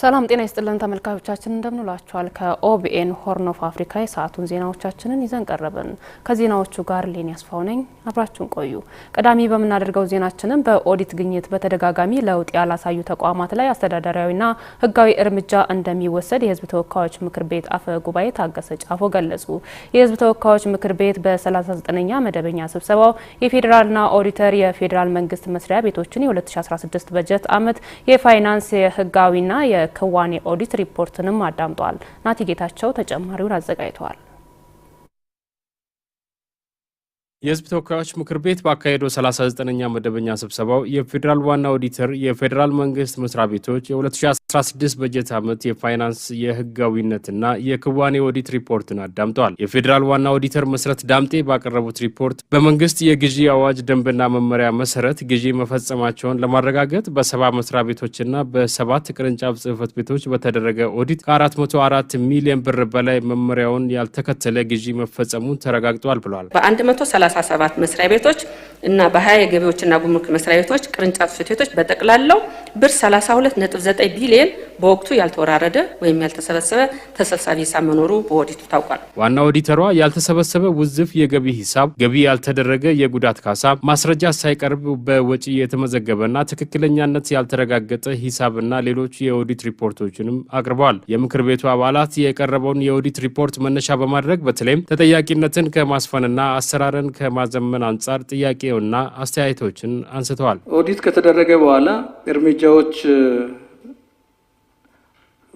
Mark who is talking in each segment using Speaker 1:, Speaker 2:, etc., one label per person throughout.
Speaker 1: ሰላም ጤና ይስጥልን ተመልካቾቻችን፣ እንደምንላችኋል። ከኦቢኤን ሆርን ኦፍ አፍሪካ የሰዓቱን ዜናዎቻችንን ይዘን ቀረብን። ከዜናዎቹ ጋር ሌን ያስፋው ነኝ። አብራችሁን ቆዩ። ቀዳሚ በምናደርገው ዜናችንም በኦዲት ግኝት በተደጋጋሚ ለውጥ ያላሳዩ ተቋማት ላይ አስተዳደራዊና ሕጋዊ እርምጃ እንደሚወሰድ የሕዝብ ተወካዮች ምክር ቤት አፈ ጉባኤ ታገሰ ጫፎ ገለጹ። የሕዝብ ተወካዮች ምክር ቤት በ39ኛ መደበኛ ስብሰባው የፌዴራልና ኦዲተር የፌዴራል መንግስት መስሪያ ቤቶችን የ2016 በጀት ዓመት የፋይናንስ የሕጋዊና የክዋኔ ኦዲት ሪፖርትንም አዳምጧል። ናቲ ጌታቸው ተጨማሪውን አዘጋጅተዋል። የህዝብ ተወካዮች ምክር ቤት ባካሄደው 39ኛ መደበኛ ስብሰባው የፌዴራል ዋና ኦዲተር የፌዴራል መንግስት መስሪያ ቤቶች የ 16 በጀት ዓመት የፋይናንስ የህጋዊነትና የክዋኔ ኦዲት ሪፖርትን አዳምጠዋል። የፌዴራል ዋና ኦዲተር መሰረት ዳምጤ ባቀረቡት ሪፖርት በመንግስት የግዢ አዋጅ ደንብና መመሪያ መሰረት ግዢ መፈጸማቸውን ለማረጋገጥ በሰባ መስሪያ ቤቶችና በሰባት ቅርንጫፍ ጽህፈት ቤቶች በተደረገ ኦዲት ከ404 ሚሊዮን ብር በላይ መመሪያውን ያልተከተለ ግዢ መፈጸሙን ተረጋግጧል ብሏል። በ137 መስሪያ ቤቶች እና በ20 የገቢዎችና ጉምሩክ መስሪያ ቤቶች ቅርንጫፍ ጽህፈት ቤቶች በጠቅላላው ብር 32.9 ቢሊዮን ሚሊየን በወቅቱ ያልተወራረደ ወይም ያልተሰበሰበ ተሰብሳቢ ሂሳብ መኖሩ በኦዲቱ ታውቋል። ዋና ኦዲተሯ ያልተሰበሰበ ውዝፍ የገቢ ሂሳብ፣ ገቢ ያልተደረገ የጉዳት ካሳ፣ ማስረጃ ሳይቀርብ በወጪ የተመዘገበና ትክክለኛነት ያልተረጋገጠ ሂሳብና ሌሎች የኦዲት ሪፖርቶችንም አቅርበዋል። የምክር ቤቱ አባላት የቀረበውን የኦዲት ሪፖርት መነሻ በማድረግ በተለይም ተጠያቂነትን ከማስፈንና አሰራርን ከማዘመን አንጻር ጥያቄውና አስተያየቶችን አንስተዋል።
Speaker 2: ኦዲት ከተደረገ በኋላ እርምጃዎች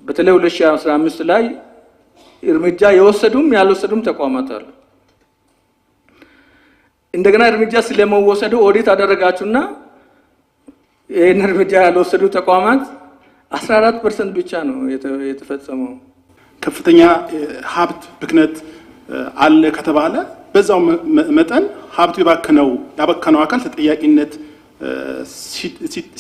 Speaker 2: በተለይ 2015 ላይ እርምጃ የወሰዱም ያልወሰዱም ተቋማት አሉ። እንደገና እርምጃ ስለመወሰዱ ኦዲት አደረጋችሁና ይህን እርምጃ ያልወሰዱ ተቋማት 14 ፐርሰንት ብቻ ነው የተፈጸመው። ከፍተኛ ሀብት ብክነት አለ ከተባለ በዛው መጠን ሀብቱ የባከነው ያበከነው አካል ተጠያቂነት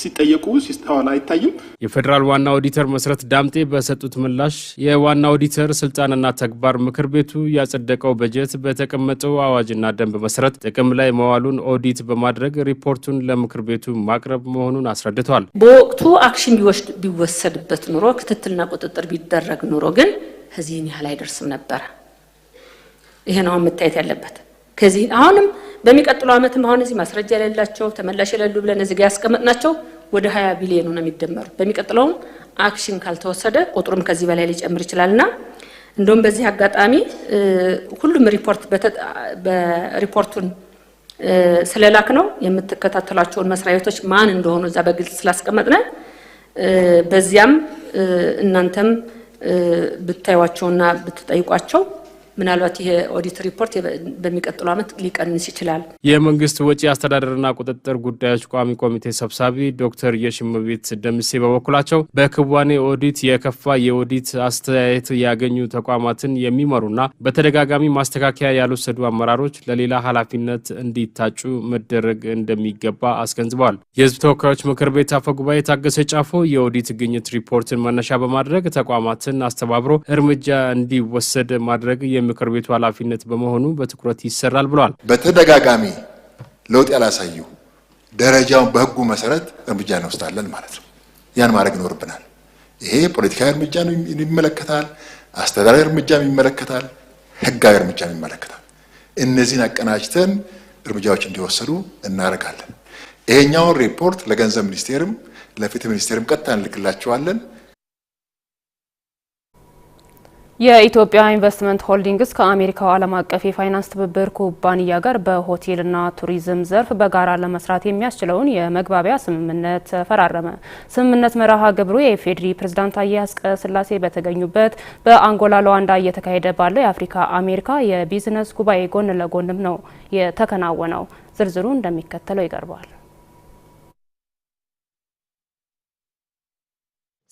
Speaker 2: ሲጠየቁ ሲስተዋል አይታይም።
Speaker 1: የፌዴራል ዋና ኦዲተር መሰረት ዳምጤ በሰጡት ምላሽ የዋና ኦዲተር ስልጣንና ተግባር ምክር ቤቱ ያጸደቀው በጀት በተቀመጠው አዋጅና ደንብ መሰረት ጥቅም ላይ መዋሉን ኦዲት በማድረግ ሪፖርቱን ለምክር ቤቱ ማቅረብ መሆኑን አስረድተዋል። በወቅቱ አክሽን ቢወስድ ቢወሰድበት ኑሮ ክትትልና ቁጥጥር ቢደረግ ኑሮ ግን ከዚህን ያህል አይደርስም ነበረ። ይሄ ነው መታየት ያለበት። ከዚህ አሁንም በሚቀጥለው ዓመትም አሁን እዚህ ማስረጃ የሌላቸው ተመላሽ የሌሉ ብለን እዚህ ያስቀመጥናቸው ወደ 20 ቢሊዮን ነው የሚደመሩ። በሚቀጥለውም አክሽን ካልተወሰደ ቁጥሩም ከዚህ በላይ ሊጨምር ይችላልና እንደውም በዚህ አጋጣሚ ሁሉም ሪፖርት በሪፖርቱን ስለላክ ነው የምትከታተሏቸውን መስሪያ ቤቶች ማን እንደሆኑ እዛ በግልጽ ስላስቀመጥነ በዚያም እናንተም ብታዩዋቸውና ብትጠይቋቸው ምናልባት ይሄ ኦዲት ሪፖርት በሚቀጥሉ ዓመት ሊቀንስ ይችላል። የመንግስት ወጪ አስተዳደርና ቁጥጥር ጉዳዮች ቋሚ ኮሚቴ ሰብሳቢ ዶክተር የሽምቤት ደምሴ በበኩላቸው በክዋኔ ኦዲት የከፋ የኦዲት አስተያየት ያገኙ ተቋማትን የሚመሩና በተደጋጋሚ ማስተካከያ ያልወሰዱ አመራሮች ለሌላ ኃላፊነት እንዲታጩ መደረግ እንደሚገባ አስገንዝበዋል። የህዝብ ተወካዮች ምክር ቤት አፈ ጉባኤ ታገሰ ጫፎ የኦዲት ግኝት ሪፖርትን መነሻ በማድረግ ተቋማትን አስተባብሮ እርምጃ እንዲወሰድ ማድረግ የምክር ቤቱ ኃላፊነት በመሆኑ በትኩረት ይሰራል ብለዋል።
Speaker 2: በተደጋጋሚ ለውጥ ያላሳዩ ደረጃውን በህጉ መሰረት እርምጃ እንወስዳለን ማለት ነው። ያን ማድረግ ይኖርብናል። ይሄ ፖለቲካዊ እርምጃ ይመለከታል፣ አስተዳዳሪ እርምጃም ይመለከታል፣ ህጋዊ እርምጃም ይመለከታል። እነዚህን አቀናጅተን እርምጃዎች እንዲወሰዱ እናደርጋለን። ይሄኛውን ሪፖርት ለገንዘብ ሚኒስቴርም ለፍትህ ሚኒስቴርም ቀጥታ እንልክላቸዋለን።
Speaker 1: የኢትዮጵያ ኢንቨስትመንት ሆልዲንግስ ከአሜሪካው ዓለም አቀፍ የፋይናንስ ትብብር ኩባንያ ጋር በሆቴልና ቱሪዝም ዘርፍ በጋራ ለመስራት የሚያስችለውን የመግባቢያ ስምምነት ተፈራረመ። ስምምነት መርሃ ግብሩ የኢፌዴሪ ፕሬዝዳንት ታዬ አጽቀሥላሴ በተገኙበት በአንጎላ ሉዋንዳ እየተካሄደ ባለው የአፍሪካ አሜሪካ የቢዝነስ ጉባኤ ጎን ለጎንም ነው የተከናወነው። ዝርዝሩ እንደሚከተለው ይቀርባል።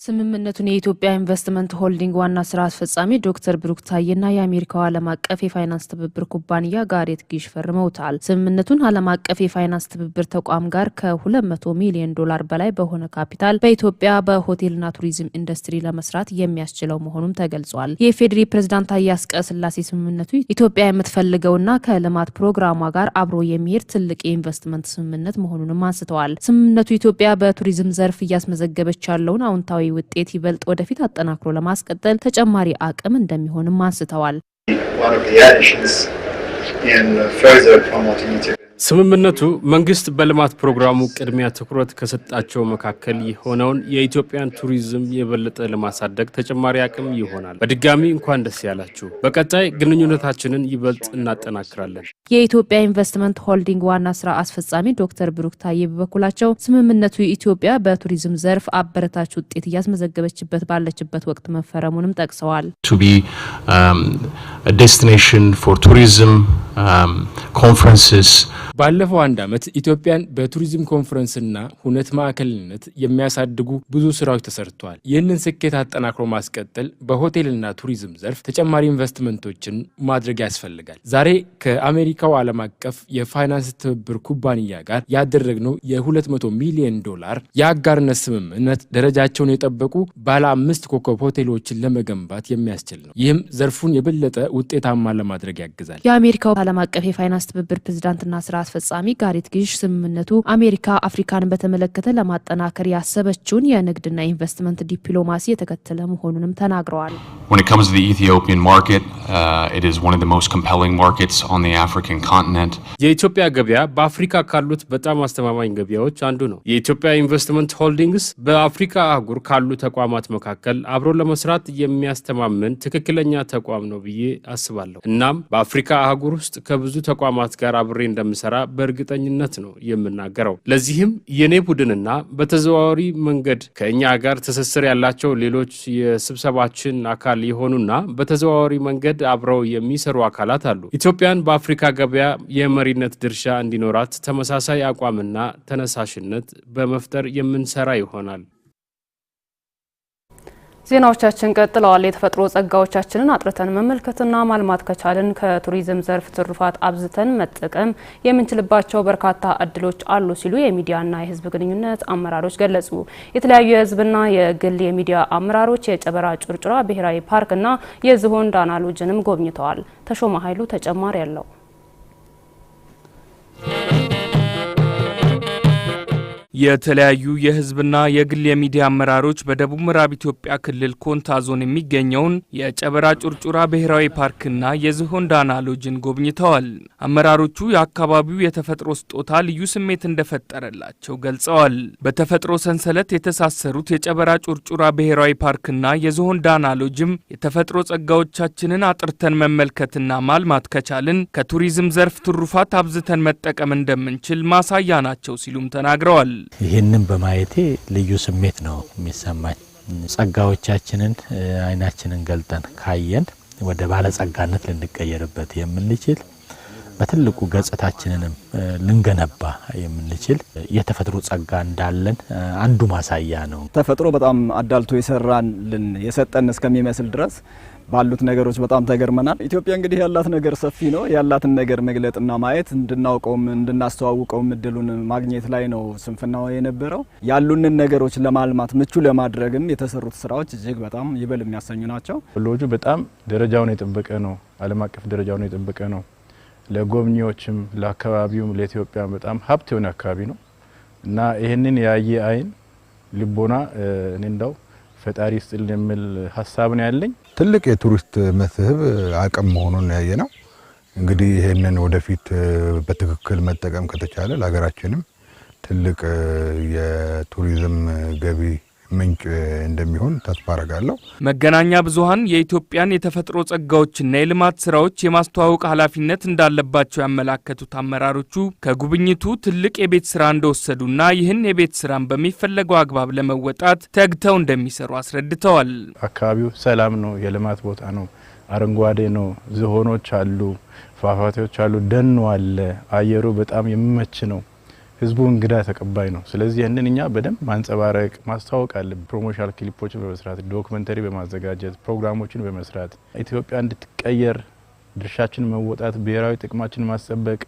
Speaker 1: ስምምነቱን የኢትዮጵያ ኢንቨስትመንት ሆልዲንግ ዋና ስራ አስፈጻሚ ዶክተር ብሩክ ታዬና የአሜሪካው ዓለም አቀፍ የፋይናንስ ትብብር ኩባንያ ጋሬት ጊሽ ፈርመውታል። ስምምነቱን ዓለም አቀፍ የፋይናንስ ትብብር ተቋም ጋር ከ200 ሚሊዮን ዶላር በላይ በሆነ ካፒታል በኢትዮጵያ በሆቴልና ቱሪዝም ኢንዱስትሪ ለመስራት የሚያስችለው መሆኑም ተገልጿል። የኢፌዴሪ ፕሬዝዳንት ታዬ አጽቀሥላሴ ስምምነቱ ኢትዮጵያ የምትፈልገውና ከልማት ፕሮግራሟ ጋር አብሮ የሚሄድ ትልቅ የኢንቨስትመንት ስምምነት መሆኑንም አንስተዋል። ስምምነቱ ኢትዮጵያ በቱሪዝም ዘርፍ እያስመዘገበች ያለውን አውንታዊ ውጤት ይበልጥ ወደፊት አጠናክሮ ለማስቀጠል ተጨማሪ አቅም እንደሚሆንም አንስተዋል። ስምምነቱ መንግስት በልማት ፕሮግራሙ ቅድሚያ ትኩረት ከሰጣቸው መካከል የሆነውን የኢትዮጵያን ቱሪዝም የበለጠ ለማሳደግ ተጨማሪ አቅም ይሆናል። በድጋሚ እንኳን ደስ ያላችሁ። በቀጣይ ግንኙነታችንን ይበልጥ እናጠናክራለን። የኢትዮጵያ ኢንቨስትመንት ሆልዲንግ ዋና ስራ አስፈጻሚ ዶክተር ብሩክ ታዬ በበኩላቸው ስምምነቱ ኢትዮጵያ በቱሪዝም ዘርፍ አበረታች ውጤት እያስመዘገበችበት ባለችበት ወቅት መፈረሙንም ጠቅሰዋል። ዴስቲኔሽን ፎር ቱሪዝም ኮንፈረንስስ ባለፈው አንድ ዓመት ኢትዮጵያን በቱሪዝም ኮንፈረንስና ሁነት ማዕከልነት የሚያሳድጉ ብዙ ስራዎች ተሰርተዋል። ይህንን ስኬት አጠናክሮ ማስቀጠል በሆቴልና ቱሪዝም ዘርፍ ተጨማሪ ኢንቨስትመንቶችን ማድረግ ያስፈልጋል። ዛሬ ከአሜሪካው ዓለም አቀፍ የፋይናንስ ትብብር ኩባንያ ጋር ያደረግነው የ200 ሚሊዮን ዶላር የአጋርነት ስምምነት ደረጃቸውን የጠበቁ ባለ አምስት ኮከብ ሆቴሎችን ለመገንባት የሚያስችል ነው። ይህም ዘርፉን የበለጠ ውጤታማ ለማድረግ ያግዛል። የአሜሪካው ዓለም አቀፍ የፋይናንስ ትብብር ፕሬዚዳንትና ስራ አስፈጻሚ ጋሪት ግሽ ስምምነቱ አሜሪካ አፍሪካን በተመለከተ ለማጠናከር ያሰበችውን የንግድና ኢንቨስትመንት ዲፕሎማሲ የተከተለ መሆኑንም ተናግረዋል። የኢትዮጵያ ገበያ በአፍሪካ ካሉት በጣም አስተማማኝ ገበያዎች አንዱ ነው። የኢትዮጵያ ኢንቨስትመንት ሆልዲንግስ በአፍሪካ አህጉር ካሉ ተቋማት መካከል አብሮ ለመስራት የሚያስተማምን ትክክለኛ ተቋም ነው ብዬ አስባለሁ። እናም በአፍሪካ አህጉር ውስጥ ከብዙ ተቋማት ጋር አብሬ እንደምሰራ እንደሚሰራ በእርግጠኝነት ነው የምናገረው። ለዚህም የኔ ቡድንና በተዘዋዋሪ መንገድ ከእኛ ጋር ትስስር ያላቸው ሌሎች የስብሰባችን አካል የሆኑና በተዘዋዋሪ መንገድ አብረው የሚሰሩ አካላት አሉ። ኢትዮጵያን በአፍሪካ ገበያ የመሪነት ድርሻ እንዲኖራት ተመሳሳይ አቋምና ተነሳሽነት በመፍጠር የምንሰራ ይሆናል። ዜናዎቻችን ቀጥለዋል። የተፈጥሮ ጸጋዎቻችንን አጥርተን መመልከትና ማልማት ከቻልን ከቱሪዝም ዘርፍ ትሩፋት አብዝተን መጠቀም የምንችልባቸው በርካታ እድሎች አሉ ሲሉ የሚዲያና የሕዝብ ግንኙነት አመራሮች ገለጹ። የተለያዩ የሕዝብና የግል የሚዲያ አመራሮች የጨበራ ጩርጩራ ብሔራዊ ፓርክና የዝሆን ዳና ሎጅንም ጎብኝተዋል። ተሾመ ኃይሉ ተጨማሪ ያለው የተለያዩ የህዝብና የግል የሚዲያ አመራሮች በደቡብ ምዕራብ ኢትዮጵያ ክልል ኮንታ ዞን የሚገኘውን የጨበራ ጩርጩራ ብሔራዊ ፓርክና የዝሆን ዳና ሎጅን ጎብኝተዋል። አመራሮቹ የአካባቢው የተፈጥሮ ስጦታ ልዩ ስሜት እንደፈጠረላቸው ገልጸዋል። በተፈጥሮ ሰንሰለት የተሳሰሩት የጨበራ ጩርጩራ ብሔራዊ ፓርክና የዝሆን ዳና ሎጅም የተፈጥሮ ጸጋዎቻችንን አጥርተን መመልከትና ማልማት ከቻልን ከቱሪዝም ዘርፍ ትሩፋት አብዝተን መጠቀም እንደምንችል ማሳያ ናቸው ሲሉም ተናግረዋል።
Speaker 3: ይህንን በማየቴ ልዩ ስሜት ነው የሚሰማኝ። ጸጋዎቻችንን አይናችንን ገልጠን ካየን ወደ ባለጸጋነት ልንቀየርበት የምንችል በትልቁ ገጽታችንንም ልንገነባ የምንችል የተፈጥሮ ጸጋ እንዳለን አንዱ ማሳያ ነው።
Speaker 4: ተፈጥሮ በጣም አዳልቶ የሰራልን የሰጠን እስከሚመስል ድረስ ባሉት ነገሮች በጣም ተገርመናል። ኢትዮጵያ እንግዲህ ያላት ነገር ሰፊ ነው። ያላትን ነገር መግለጥና ማየት እንድናውቀውም እንድናስተዋውቀውም እድሉን ማግኘት ላይ ነው ስንፍናው የነበረው። ያሉንን ነገሮች ለማልማት ምቹ ለማድረግም የተሰሩት ስራዎች እጅግ በጣም ይበል የሚያሰኙ ናቸው።
Speaker 5: ሎጁ በጣም ደረጃውን የጠበቀ ነው። ዓለም አቀፍ ደረጃውን የጠበቀ ነው። ለጎብኚዎችም፣ ለአካባቢውም፣ ለኢትዮጵያ በጣም ሀብት የሆነ አካባቢ ነው እና ይህንን ያየ አይን ልቦና እኔ እንዳው ፈጣሪ ስጥል የሚል ሀሳብ ነው ያለኝ።
Speaker 6: ትልቅ የቱሪስት መስህብ አቅም መሆኑን ያየ ነው። እንግዲህ ይህንን ወደፊት በትክክል መጠቀም ከተቻለ ለሀገራችንም ትልቅ የቱሪዝም ገቢ ምንጭ እንደሚሆን ተስፋ አረጋለሁ።
Speaker 1: መገናኛ ብዙሃን የኢትዮጵያን የተፈጥሮ ጸጋዎችና የልማት ስራዎች የማስተዋወቅ ኃላፊነት እንዳለባቸው ያመላከቱት አመራሮቹ ከጉብኝቱ ትልቅ የቤት ስራ እንደወሰዱና ይህን የቤት ስራን በሚፈለገው አግባብ ለመወጣት ተግተው እንደሚሰሩ አስረድተዋል።
Speaker 5: አካባቢው ሰላም ነው፣ የልማት ቦታ ነው፣ አረንጓዴ ነው፣ ዝሆኖች አሉ፣ ፏፏቴዎች አሉ፣ ደኑ አለ፣ አየሩ በጣም የሚመች ነው። ህዝቡ እንግዳ ተቀባይ ነው። ስለዚህ ይህንን እኛ በደንብ ማንጸባረቅ ማስታወቅ አለ። ፕሮሞሽናል ክሊፖችን በመስራት ዶክመንተሪ በማዘጋጀት ፕሮግራሞችን በመስራት ኢትዮጵያ እንድትቀየር ድርሻችን መወጣት፣ ብሔራዊ ጥቅማችን ማስጠበቅ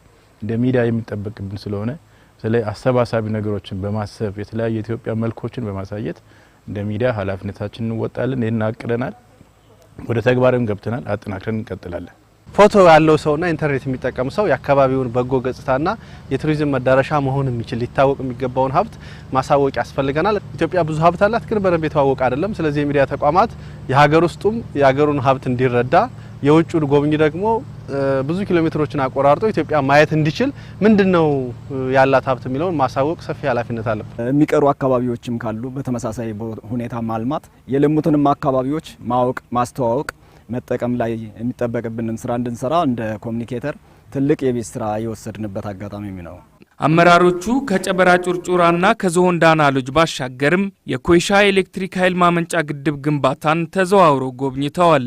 Speaker 5: እንደ ሚዲያ የሚጠበቅብን ስለሆነ በተለይ አሰባሳቢ ነገሮችን በማሰብ የተለያዩ የኢትዮጵያ መልኮችን በማሳየት እንደ ሚዲያ ኃላፊነታችን እንወጣለን። ይህን አቅደናል፣ ወደ ተግባርም ገብተናል። አጠናክረን እንቀጥላለን።
Speaker 4: ፎቶ ያለው ሰውና ኢንተርኔት የሚጠቀም ሰው የአካባቢውን በጎ ገጽታና የቱሪዝም መዳረሻ መሆን የሚችል ሊታወቅ የሚገባውን ሀብት ማሳወቅ ያስፈልገናል። ኢትዮጵያ ብዙ ሀብት አላት፣ ግን በደንብ የተዋወቀ አይደለም። ስለዚህ የሚዲያ ተቋማት የሀገር ውስጡም የሀገሩን ሀብት እንዲረዳ የውጭን ጎብኝ ደግሞ ብዙ ኪሎ ሜትሮችን አቆራርጦ ኢትዮጵያ ማየት እንዲችል ምንድን ነው ያላት ሀብት የሚለውን ማሳወቅ ሰፊ ኃላፊነት አለ።
Speaker 7: የሚቀሩ አካባቢዎችም ካሉ በተመሳሳይ ሁኔታ ማልማት፣ የለሙትንም አካባቢዎች ማወቅ ማስተዋወቅ መጠቀም ላይ የሚጠበቅብንን ስራ እንድንሰራ እንደ ኮሚኒኬተር ትልቅ የቤት ስራ የወሰድንበት አጋጣሚ ነው።
Speaker 1: አመራሮቹ ከጨበራ ጩርጩራና ከዝሆን ዳና ሎጅ ባሻገርም የኮይሻ ኤሌክትሪክ ኃይል ማመንጫ ግድብ ግንባታን ተዘዋውረው ጎብኝተዋል።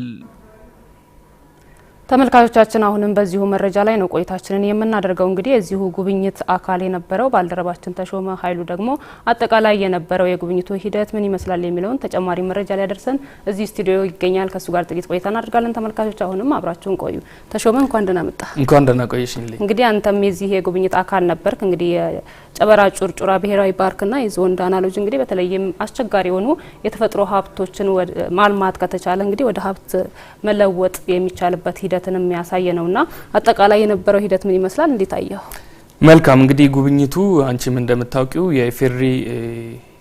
Speaker 1: ተመልካቾቻችን አሁንም በዚሁ መረጃ ላይ ነው ቆይታችንን የምናደርገው። እንግዲህ የዚሁ ጉብኝት አካል የነበረው ባልደረባችን ተሾመ ኃይሉ ደግሞ አጠቃላይ የነበረው የጉብኝቱ ሂደት ምን ይመስላል የሚለውን ተጨማሪ መረጃ ሊያደርሰን እዚህ ስቱዲዮ ይገኛል። ከእሱ ጋር ጥቂት ቆይታ እናደርጋለን። ተመልካቾች አሁንም አብራችሁን ቆዩ። ተሾመ እንኳን ደህና መጣ።
Speaker 4: እንኳን ደህና ቆይሽ።
Speaker 1: እንግዲህ አንተም የዚህ የጉብኝት አካል ነበርክ። እንግዲህ የጨበራ ጩርጩራ ብሔራዊ ፓርክና የዞን ዳናሎጅ እንግዲህ በተለይም አስቸጋሪ የሆኑ የተፈጥሮ ሀብቶችን ማልማት ከተቻለ እንግዲህ ወደ ሀብት መለወጥ የሚቻልበት ሂደት ሂደትን የሚያሳይ ነውና አጠቃላይ የነበረው ሂደት ምን ይመስላል? እንዴት አየው?
Speaker 4: መልካም እንግዲህ ጉብኝቱ አንቺም እንደምታውቂው የኢፌዴሪ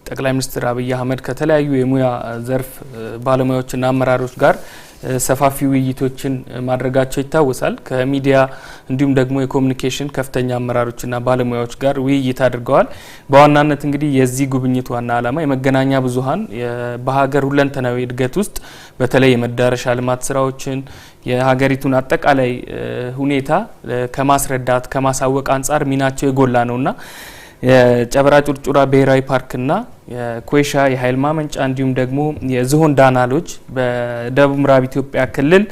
Speaker 4: ጠቅላይ ሚኒስትር አብይ አህመድ ከተለያዩ የሙያ ዘርፍ ባለሙያዎችና አመራሮች ጋር ሰፋፊ ውይይቶችን ማድረጋቸው ይታወሳል። ከሚዲያ እንዲሁም ደግሞ የኮሚኒኬሽን ከፍተኛ አመራሮችና ባለሙያዎች ጋር ውይይት አድርገዋል። በዋናነት እንግዲህ የዚህ ጉብኝት ዋና ዓላማ የመገናኛ ብዙኃን በሀገር ሁለንተናዊ እድገት ውስጥ በተለይ የመዳረሻ ልማት ስራዎችን የሀገሪቱን አጠቃላይ ሁኔታ ከማስረዳት ከማሳወቅ አንጻር ሚናቸው የጎላ ነውና የጨበራ ጩርጩራ ብሔራዊ ፓርክና የኮይሻ የኃይል ማመንጫ እንዲሁም ደግሞ የዝሆን ዳናሎች በደቡብ ምዕራብ ኢትዮጵያ ክልል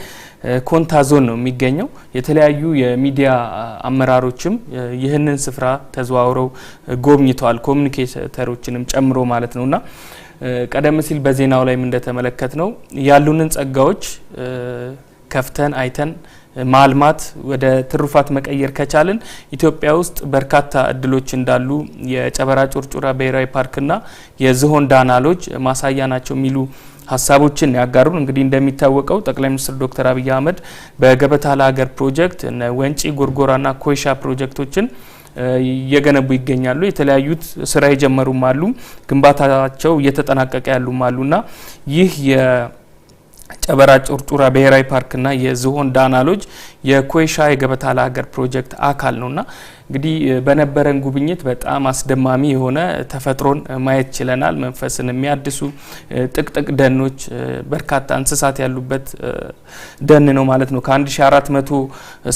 Speaker 4: ኮንታ ዞን ነው የሚገኘው። የተለያዩ የሚዲያ አመራሮችም ይህንን ስፍራ ተዘዋውረው ጎብኝተዋል፣ ኮሚኒኬተሮችንም ጨምሮ ማለት ነውና ቀደም ሲል በዜናው ላይም እንደተመለከት ነው ያሉንን ጸጋዎች ከፍተን አይተን ማልማት ወደ ትሩፋት መቀየር ከቻልን ኢትዮጵያ ውስጥ በርካታ እድሎች እንዳሉ የጨበራ ጩርጩራ ብሔራዊ ፓርክና የዝሆን ዳናሎች ማሳያ ናቸው የሚሉ ሀሳቦችን ያጋሩን። እንግዲህ እንደሚታወቀው ጠቅላይ ሚኒስትር ዶክተር አብይ አህመድ በገበታ ለሀገር ፕሮጀክት ወንጪ ጎርጎራና ኮይሻ ፕሮጀክቶችን እየገነቡ ይገኛሉ። የተለያዩት ስራ የጀመሩም አሉ፣ ግንባታቸው እየተጠናቀቀ ያሉም አሉና ይህ ጨበራ ጩርጩራ ብሔራዊ ፓርክና የዝሆን ዳና ሎጅ የኮይሻ የገበታ ለሀገር ፕሮጀክት አካል ነውና እንግዲህ በነበረን ጉብኝት በጣም አስደማሚ የሆነ ተፈጥሮን ማየት ችለናል። መንፈስን የሚያድሱ ጥቅጥቅ ደኖች፣ በርካታ እንስሳት ያሉበት ደን ነው ማለት ነው። ከ1400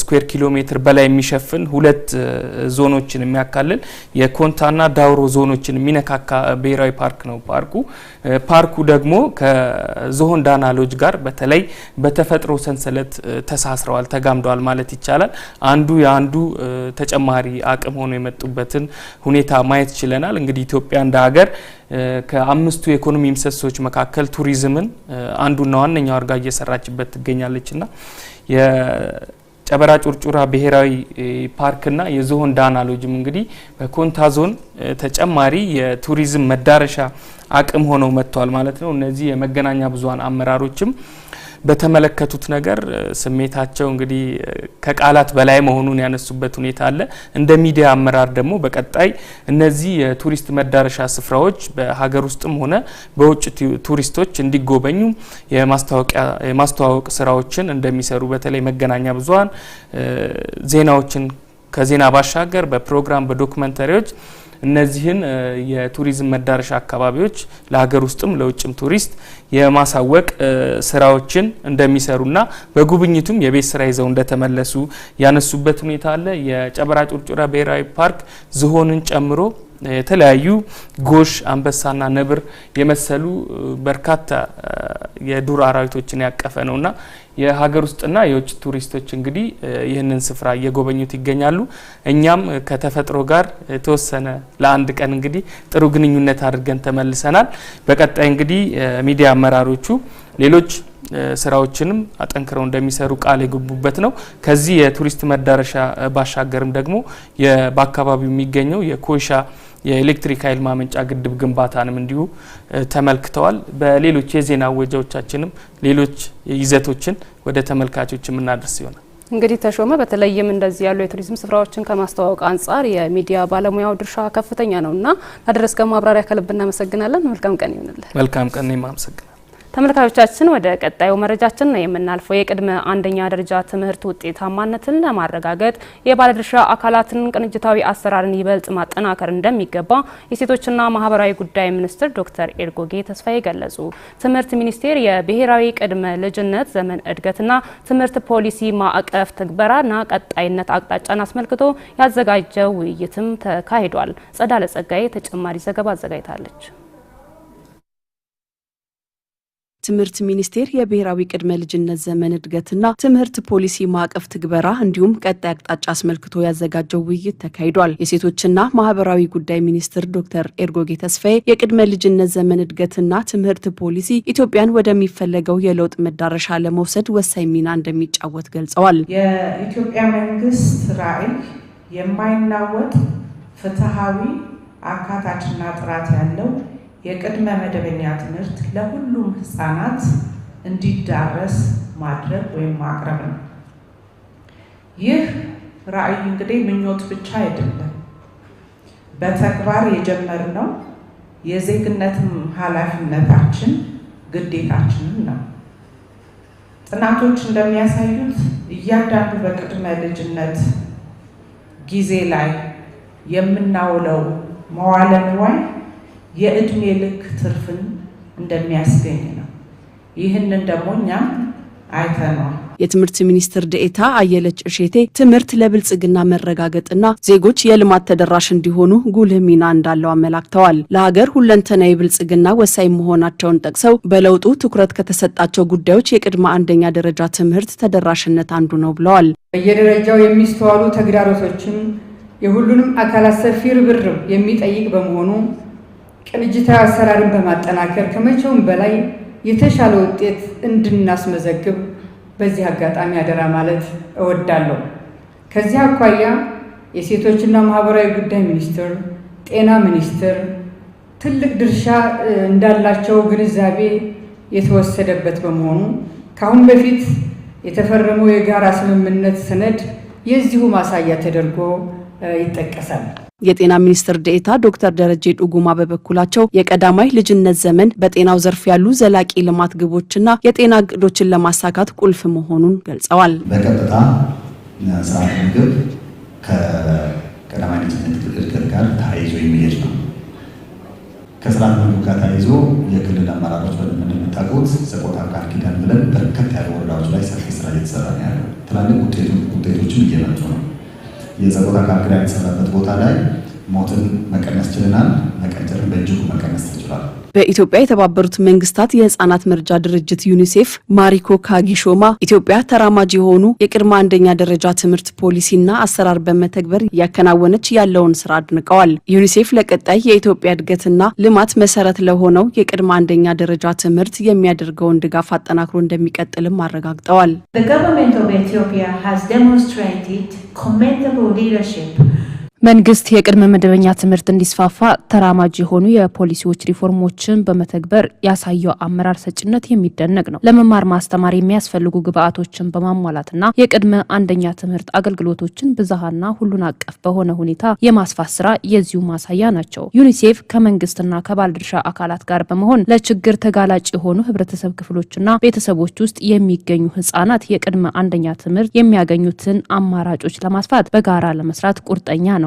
Speaker 4: ስኩዌር ኪሎ ሜትር በላይ የሚሸፍን ሁለት ዞኖችን የሚያካልል የኮንታና ዳውሮ ዞኖችን የሚነካካ ብሔራዊ ፓርክ ነው። ፓርኩ ፓርኩ ደግሞ ከዝሆን ዳናሎጅ ጋር በተለይ በተፈጥሮ ሰንሰለት ተሳስረዋል፣ ተጋምደዋል ማለት ይቻላል። አንዱ የአንዱ ተጨማሪ ተጨማሪ አቅም ሆኖ የመጡበትን ሁኔታ ማየት ችለናል። እንግዲህ ኢትዮጵያ እንደ ሀገር ከአምስቱ የኢኮኖሚ ምሰሶች መካከል ቱሪዝምን አንዱና ዋነኛው አድርጋ እየሰራችበት ትገኛለች ና ጨበራ ጩርጩራ ብሔራዊ ፓርክና የዝሆን ዳና ሎጅም እንግዲህ በኮንታ ዞን ተጨማሪ የቱሪዝም መዳረሻ አቅም ሆነው መጥቷል ማለት ነው። እነዚህ የመገናኛ ብዙኃን አመራሮችም በተመለከቱት ነገር ስሜታቸው እንግዲህ ከቃላት በላይ መሆኑን ያነሱበት ሁኔታ አለ። እንደ ሚዲያ አመራር ደግሞ በቀጣይ እነዚህ የቱሪስት መዳረሻ ስፍራዎች በሀገር ውስጥም ሆነ በውጭ ቱሪስቶች እንዲጎበኙ የማስተዋወቅ ስራዎችን እንደሚሰሩ በተለይ መገናኛ ብዙኃን ዜናዎችን ከዜና ባሻገር በፕሮግራም በዶክመንተሪዎች እነዚህን የቱሪዝም መዳረሻ አካባቢዎች ለሀገር ውስጥም ለውጭም ቱሪስት የማሳወቅ ስራዎችን እንደሚሰሩና በጉብኝቱም የቤት ስራ ይዘው እንደተመለሱ ያነሱበት ሁኔታ አለ። የጨበራ ጩርጩራ ብሔራዊ ፓርክ ዝሆንን ጨምሮ የተለያዩ ጎሽ አንበሳና ነብር የመሰሉ በርካታ የዱር አራዊቶችን ያቀፈ ነውና የሀገር ውስጥና የውጭ ቱሪስቶች እንግዲህ ይህንን ስፍራ እየጎበኙት ይገኛሉ። እኛም ከተፈጥሮ ጋር የተወሰነ ለአንድ ቀን እንግዲህ ጥሩ ግንኙነት አድርገን ተመልሰናል። በቀጣይ እንግዲህ ሚዲያ አመራሮቹ ሌሎች ስራዎችንም አጠንክረው እንደሚሰሩ ቃል የገቡበት ነው። ከዚህ የቱሪስት መዳረሻ ባሻገርም ደግሞ በአካባቢው የሚገኘው የኮይሻ የኤሌክትሪክ ኃይል ማመንጫ ግድብ ግንባታንም እንዲሁ ተመልክተዋል። በሌሎች የዜና ወጃዎቻችንም ሌሎች ይዘቶችን ወደ ተመልካቾች የምናደርስ ይሆናል።
Speaker 1: እንግዲህ ተሾመ፣ በተለይም እንደዚህ ያሉ የቱሪዝም ስፍራዎችን ከማስተዋወቅ አንጻር የሚዲያ ባለሙያው ድርሻ ከፍተኛ ነውና ላደረስከን ማብራሪያ ከልብ እናመሰግናለን። መልካም ቀን ይሆንልን።
Speaker 3: መልካም ቀን። እኔም አመሰግናለሁ።
Speaker 1: ተመልካቾቻችን ወደ ቀጣዩ መረጃችን ነው የምናልፈው። የቅድመ አንደኛ ደረጃ ትምህርት ውጤታማነትን ለማረጋገጥ የባለድርሻ አካላትን ቅንጅታዊ አሰራርን ይበልጥ ማጠናከር እንደሚገባ የሴቶችና ማህበራዊ ጉዳይ ሚኒስትር ዶክተር ኤርጎጌ ተስፋዬ ገለጹ። ትምህርት ሚኒስቴር የብሔራዊ ቅድመ ልጅነት ዘመን እድገትና ትምህርት ፖሊሲ ማዕቀፍ ትግበራና ቀጣይነት አቅጣጫን አስመልክቶ ያዘጋጀው ውይይትም ተካሂዷል። ጸዳለ ጸጋዬ ተጨማሪ ዘገባ አዘጋጅታለች። ትምህርት ሚኒስቴር የብሔራዊ ቅድመ ልጅነት ዘመን እድገትና ትምህርት ፖሊሲ ማዕቀፍ ትግበራ እንዲሁም ቀጣይ አቅጣጫ አስመልክቶ ያዘጋጀው ውይይት ተካሂዷል። የሴቶችና ማህበራዊ ጉዳይ ሚኒስትር ዶክተር ኤርጎጌ ተስፋዬ የቅድመ ልጅነት ዘመን እድገትና ትምህርት ፖሊሲ ኢትዮጵያን ወደሚፈለገው የለውጥ መዳረሻ ለመውሰድ ወሳኝ ሚና እንደሚጫወት ገልጸዋል።
Speaker 8: የኢትዮጵያ መንግስት ራዕይ የማይናወጥ ፍትሃዊ አካታችና ጥራት ያለው የቅድመ መደበኛ ትምህርት ለሁሉም ህፃናት እንዲዳረስ ማድረግ ወይም ማቅረብ ነው። ይህ ራዕይ እንግዲህ ምኞት ብቻ አይደለም፣ በተግባር የጀመርነው የዜግነትም ኃላፊነታችን ግዴታችንም ነው። ጥናቶች እንደሚያሳዩት እያንዳንዱ በቅድመ ልጅነት ጊዜ ላይ የምናውለው መዋለ ንዋይ የእድሜ ልክ ትርፍን እንደሚያስገኝ ነው። ይህንን ደግሞ እኛም አይተነዋል።
Speaker 1: የትምህርት ሚኒስትር ደኤታ አየለች እሼቴ ትምህርት ለብልጽግና መረጋገጥና ዜጎች የልማት ተደራሽ እንዲሆኑ ጉልህ ሚና እንዳለው አመላክተዋል። ለሀገር ሁለንተና ብልጽግና ወሳኝ መሆናቸውን ጠቅሰው በለውጡ ትኩረት ከተሰጣቸው ጉዳዮች የቅድመ አንደኛ ደረጃ ትምህርት ተደራሽነት አንዱ ነው ብለዋል።
Speaker 8: በየደረጃው የሚስተዋሉ ተግዳሮቶችም የሁሉንም አካላት ሰፊ ርብርብ የሚጠይቅ በመሆኑ ቅንጅታዊ አሰራርን በማጠናከር ከመቼውም በላይ የተሻለ ውጤት እንድናስመዘግብ በዚህ አጋጣሚ አደራ ማለት እወዳለሁ። ከዚህ አኳያ የሴቶችና ማህበራዊ ጉዳይ ሚኒስቴር፣ ጤና ሚኒስቴር ትልቅ ድርሻ እንዳላቸው ግንዛቤ የተወሰደበት በመሆኑ ከአሁን በፊት የተፈረመው የጋራ ስምምነት ሰነድ የዚሁ ማሳያ ተደርጎ ይጠቀሳል።
Speaker 1: የጤና ሚኒስትር ዴኤታ ዶክተር ደረጀ ዱጉማ በበኩላቸው የቀዳማይ ልጅነት ዘመን በጤናው ዘርፍ ያሉ ዘላቂ ልማት ግቦችና የጤና እቅዶችን ለማሳካት ቁልፍ መሆኑን ገልጸዋል።
Speaker 9: በቀጥታ ስርዓተ ምግብ ከቀዳማይ ልጅነት እድገት ጋር ተያይዞ የሚሄድ ነው። ከስርዓተ ምግብ ጋር ተያይዞ የክልል አመራሮች እንደምታውቁት ሰቆጣ ቃል ኪዳን ብለን በርከት ያሉ ወረዳዎች ላይ ሰፊ ስራ እየተሰራ ያለ ትላልቅ ውጤቶችም እየመጡ ነው የጸሎት አካል ክዳ የተሰራበት ቦታ ላይ ሞትን መቀነስ ችለናል። መቀንጨርን በእጅጉ መቀነስ ተችሏል።
Speaker 1: በኢትዮጵያ የተባበሩት መንግስታት የህጻናት መርጃ ድርጅት ዩኒሴፍ ማሪኮ ካጊሾማ ኢትዮጵያ ተራማጅ የሆኑ የቅድመ አንደኛ ደረጃ ትምህርት ፖሊሲና አሰራር በመተግበር እያከናወነች ያለውን ስራ አድንቀዋል። ዩኒሴፍ ለቀጣይ የኢትዮጵያ እድገትና ልማት መሰረት ለሆነው የቅድመ አንደኛ ደረጃ ትምህርት የሚያደርገውን ድጋፍ አጠናክሮ እንደሚቀጥልም አረጋግጠዋል። መንግስት የቅድመ መደበኛ ትምህርት እንዲስፋፋ ተራማጅ የሆኑ የፖሊሲዎች ሪፎርሞችን በመተግበር ያሳየው አመራር ሰጭነት የሚደነቅ ነው። ለመማር ማስተማር የሚያስፈልጉ ግብዓቶችን በማሟላትና የቅድመ አንደኛ ትምህርት አገልግሎቶችን ብዝሃና ሁሉን አቀፍ በሆነ ሁኔታ የማስፋት ስራ የዚሁ ማሳያ ናቸው። ዩኒሴፍ ከመንግስትና ከባለድርሻ አካላት ጋር በመሆን ለችግር ተጋላጭ የሆኑ ህብረተሰብ ክፍሎችና ቤተሰቦች ውስጥ የሚገኙ ህጻናት የቅድመ አንደኛ ትምህርት የሚያገኙትን አማራጮች ለማስፋት በጋራ ለመስራት ቁርጠኛ ነው።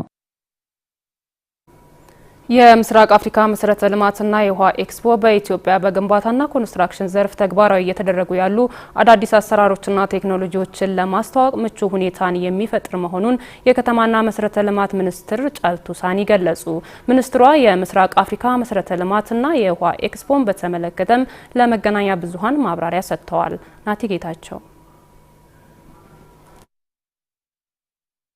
Speaker 1: የምስራቅ አፍሪካ መሰረተ ልማትና የውሃ ኤክስፖ በኢትዮጵያ በግንባታና ኮንስትራክሽን ዘርፍ ተግባራዊ እየተደረጉ ያሉ አዳዲስ አሰራሮችና ቴክኖሎጂዎችን ለማስተዋወቅ ምቹ ሁኔታን የሚፈጥር መሆኑን የከተማና መሰረተ ልማት ሚኒስትር ጫልቱ ሳኒ ገለጹ። ሚኒስትሯ የምስራቅ አፍሪካ መሰረተ ልማትና የውሃ ኤክስፖን በተመለከተም ለመገናኛ ብዙኃን ማብራሪያ ሰጥተዋል። ናቲ ጌታቸው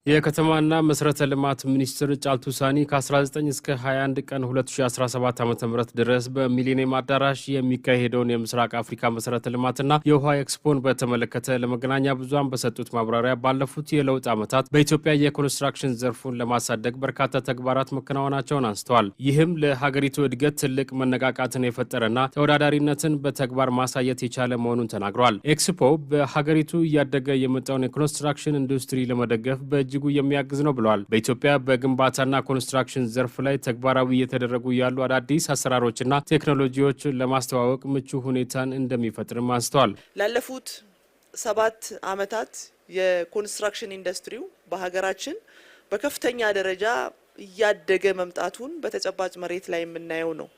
Speaker 1: የከተማና መሰረተ ልማት ሚኒስትር ጫልቱ ሳኒ ከ19 እስከ 21 ቀን 2017 ዓ ም ድረስ በሚሊኒየም አዳራሽ የሚካሄደውን የምስራቅ አፍሪካ መሰረተ ልማትና የውሃ ኤክስፖን በተመለከተ ለመገናኛ ብዙሃን በሰጡት ማብራሪያ ባለፉት የለውጥ ዓመታት በኢትዮጵያ የኮንስትራክሽን ዘርፉን ለማሳደግ በርካታ ተግባራት መከናወናቸውን አንስተዋል። ይህም ለሀገሪቱ እድገት ትልቅ መነቃቃትን የፈጠረና ተወዳዳሪነትን በተግባር ማሳየት የቻለ መሆኑን ተናግሯል። ኤክስፖ በሀገሪቱ እያደገ የመጣውን የኮንስትራክሽን ኢንዱስትሪ ለመደገፍ በእጅ በእጅጉ የሚያግዝ ነው ብለዋል። በኢትዮጵያ በግንባታና ኮንስትራክሽን ዘርፍ ላይ ተግባራዊ እየተደረጉ ያሉ አዳዲስ አሰራሮችና ቴክኖሎጂዎች ለማስተዋወቅ ምቹ ሁኔታን እንደሚፈጥርም አንስተዋል።
Speaker 10: ላለፉት ሰባት ዓመታት የኮንስትራክሽን ኢንዱስትሪው በሀገራችን በከፍተኛ ደረጃ እያደገ መምጣቱን በተጨባጭ መሬት ላይ የምናየው ነው።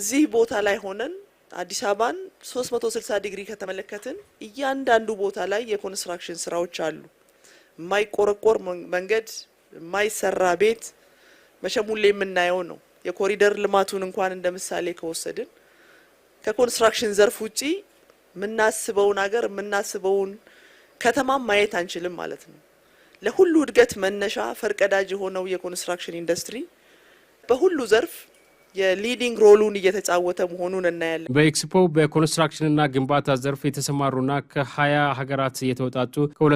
Speaker 10: እዚህ ቦታ ላይ ሆነን አዲስ አበባን 360 ዲግሪ ከተመለከትን እያንዳንዱ ቦታ ላይ የኮንስትራክሽን ስራዎች አሉ። የማይቆረቆር መንገድ፣ የማይሰራ ቤት መቼም ሁሌ የምናየው ነው። የኮሪደር ልማቱን እንኳን እንደ ምሳሌ ከወሰድን ከኮንስትራክሽን ዘርፍ ውጪ የምናስበውን ሀገር የምናስበውን ከተማም ማየት አንችልም ማለት ነው። ለሁሉ እድገት መነሻ ፈርቀዳጅ የሆነው የኮንስትራክሽን ኢንዱስትሪ በሁሉ ዘርፍ የሊዲንግ ሮሉን እየተጫወተ መሆኑን እናያለን።
Speaker 1: በኤክስፖ በኮንስትራክሽንና ግንባታ ዘርፍ የተሰማሩና ከ ሀገራት የተወጣጡ ከ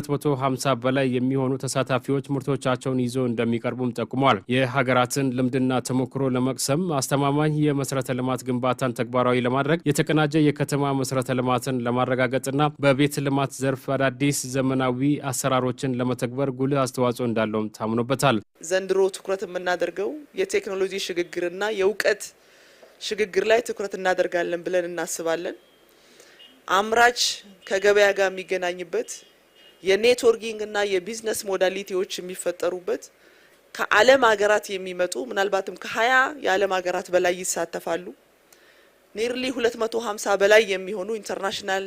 Speaker 1: ሀምሳ በላይ የሚሆኑ ተሳታፊዎች ምርቶቻቸውን ይዞ እንደሚቀርቡም ጠቁመዋል። የሀገራትን ልምድና ተሞክሮ ለመቅሰም አስተማማኝ የመሰረተ ልማት ግንባታን ተግባራዊ ለማድረግ የተቀናጀ የከተማ መሰረተ ልማትን ለማረጋገጥና በቤት ልማት ዘርፍ አዳዲስ ዘመናዊ አሰራሮችን ለመተግበር ጉልህ አስተዋጽኦ እንዳለውም ታምኖበታል።
Speaker 10: ዘንድሮ ትኩረት የምናደርገው የቴክኖሎጂ ሽግግርና የእውቀት ሽግግር ላይ ትኩረት እናደርጋለን ብለን እናስባለን። አምራች ከገበያ ጋር የሚገናኝበት የኔትወርኪንግ እና የቢዝነስ ሞዳሊቲዎች የሚፈጠሩበት ከዓለም ሀገራት የሚመጡ ምናልባትም ከሀያ የዓለም ሀገራት በላይ ይሳተፋሉ። ኒርሊ ሀምሳ በላይ የሚሆኑ ኢንተርናሽናል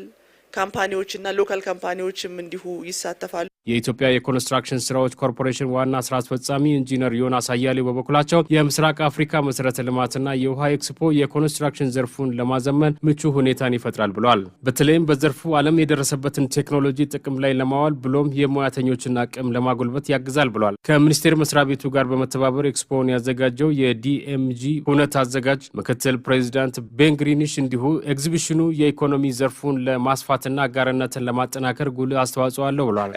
Speaker 10: ካምፓኒዎችና ሎካል ካምፓኒዎችም እንዲሁ ይሳተፋሉ።
Speaker 1: የኢትዮጵያ የኮንስትራክሽን ስራዎች ኮርፖሬሽን ዋና ስራ አስፈጻሚ ኢንጂነር ዮናስ አያሌው በበኩላቸው የምስራቅ አፍሪካ መሰረተ ልማትና የውሃ ኤክስፖ የኮንስትራክሽን ዘርፉን ለማዘመን ምቹ ሁኔታን ይፈጥራል ብሏል። በተለይም በዘርፉ ዓለም የደረሰበትን ቴክኖሎጂ ጥቅም ላይ ለማዋል ብሎም የሙያተኞችን አቅም ለማጎልበት ያግዛል ብለዋል። ከሚኒስቴር መስሪያ ቤቱ ጋር በመተባበር ኤክስፖውን ያዘጋጀው የዲኤምጂ ሁነት አዘጋጅ ምክትል ፕሬዚዳንት ቤንግሪኒሽ እንዲሁ ኤግዚቢሽኑ የኢኮኖሚ ዘርፉን ለማስፋት ማስፋፋትና አጋርነትን ለማጠናከር ጉልህ አስተዋጽኦ አለው ብሏል።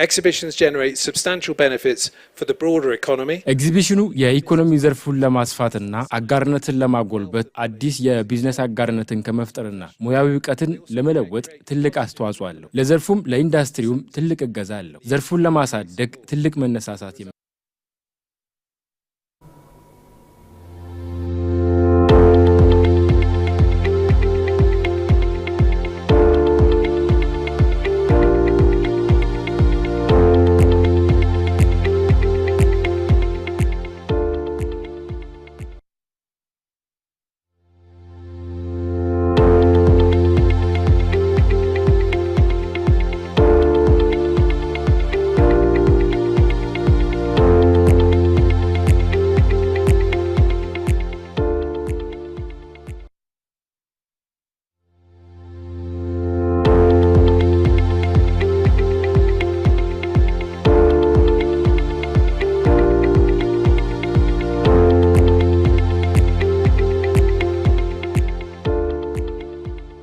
Speaker 1: ኤግዚቢሽኑ የኢኮኖሚ ዘርፉን ለማስፋትና አጋርነትን ለማጎልበት አዲስ የቢዝነስ አጋርነትን ከመፍጠርና ሙያዊ እውቀትን ለመለወጥ ትልቅ አስተዋጽኦ አለው። ለዘርፉም ለኢንዱስትሪውም ትልቅ እገዛ አለው። ዘርፉን ለማሳደግ ትልቅ መነሳሳት